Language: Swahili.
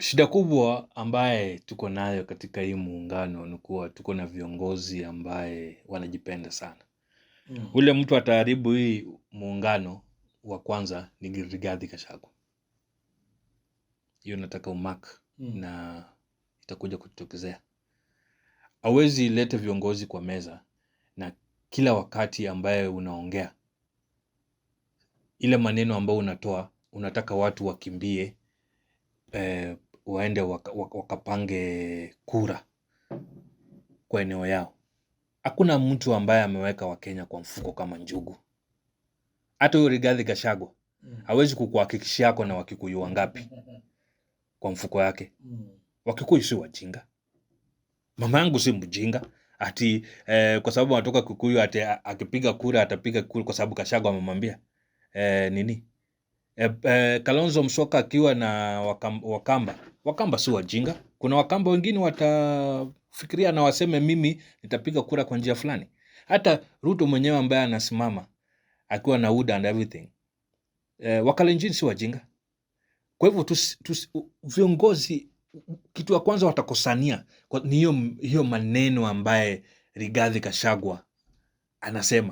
Shida kubwa ambaye tuko nayo katika hii muungano ni kuwa tuko na viongozi ambaye wanajipenda sana. Mm. Ule mtu ataharibu hii muungano wa kwanza ni rigadhi Gachagua. Hiyo nataka umak mm. na itakuja kutokezea. awezi lete viongozi kwa meza na kila wakati ambaye unaongea ile maneno ambayo unatoa unataka watu wakimbie eh, waende wakapange waka kura kwa eneo yao. Hakuna mtu ambaye ameweka Wakenya kwa mfuko kama Njugu. Hata huyo Rigathi Gachagua mm. hawezi kukuhakikishia ako na Wakikuyu wangapi kwa mfuko yake. Mm. Wakikuyu si wajinga, mama yangu si mjinga ati eh, kwa sababu anatoka Kikuyu ati akipiga kura atapiga kura kwa sababu Gachagua amemwambia eh, nini eh, eh, Kalonzo Musyoka akiwa na wakam, Wakamba Wakamba si wajinga. Kuna Wakamba wengine watafikiria na waseme mimi nitapiga kura kwa njia fulani. Hata Ruto mwenyewe ambaye anasimama akiwa na UDA and everything e, Wakalenjin si wajinga. Kwa hivyo viongozi, kitu ya kwanza watakosania ni hiyo maneno ambaye Rigathi Gachagua anasema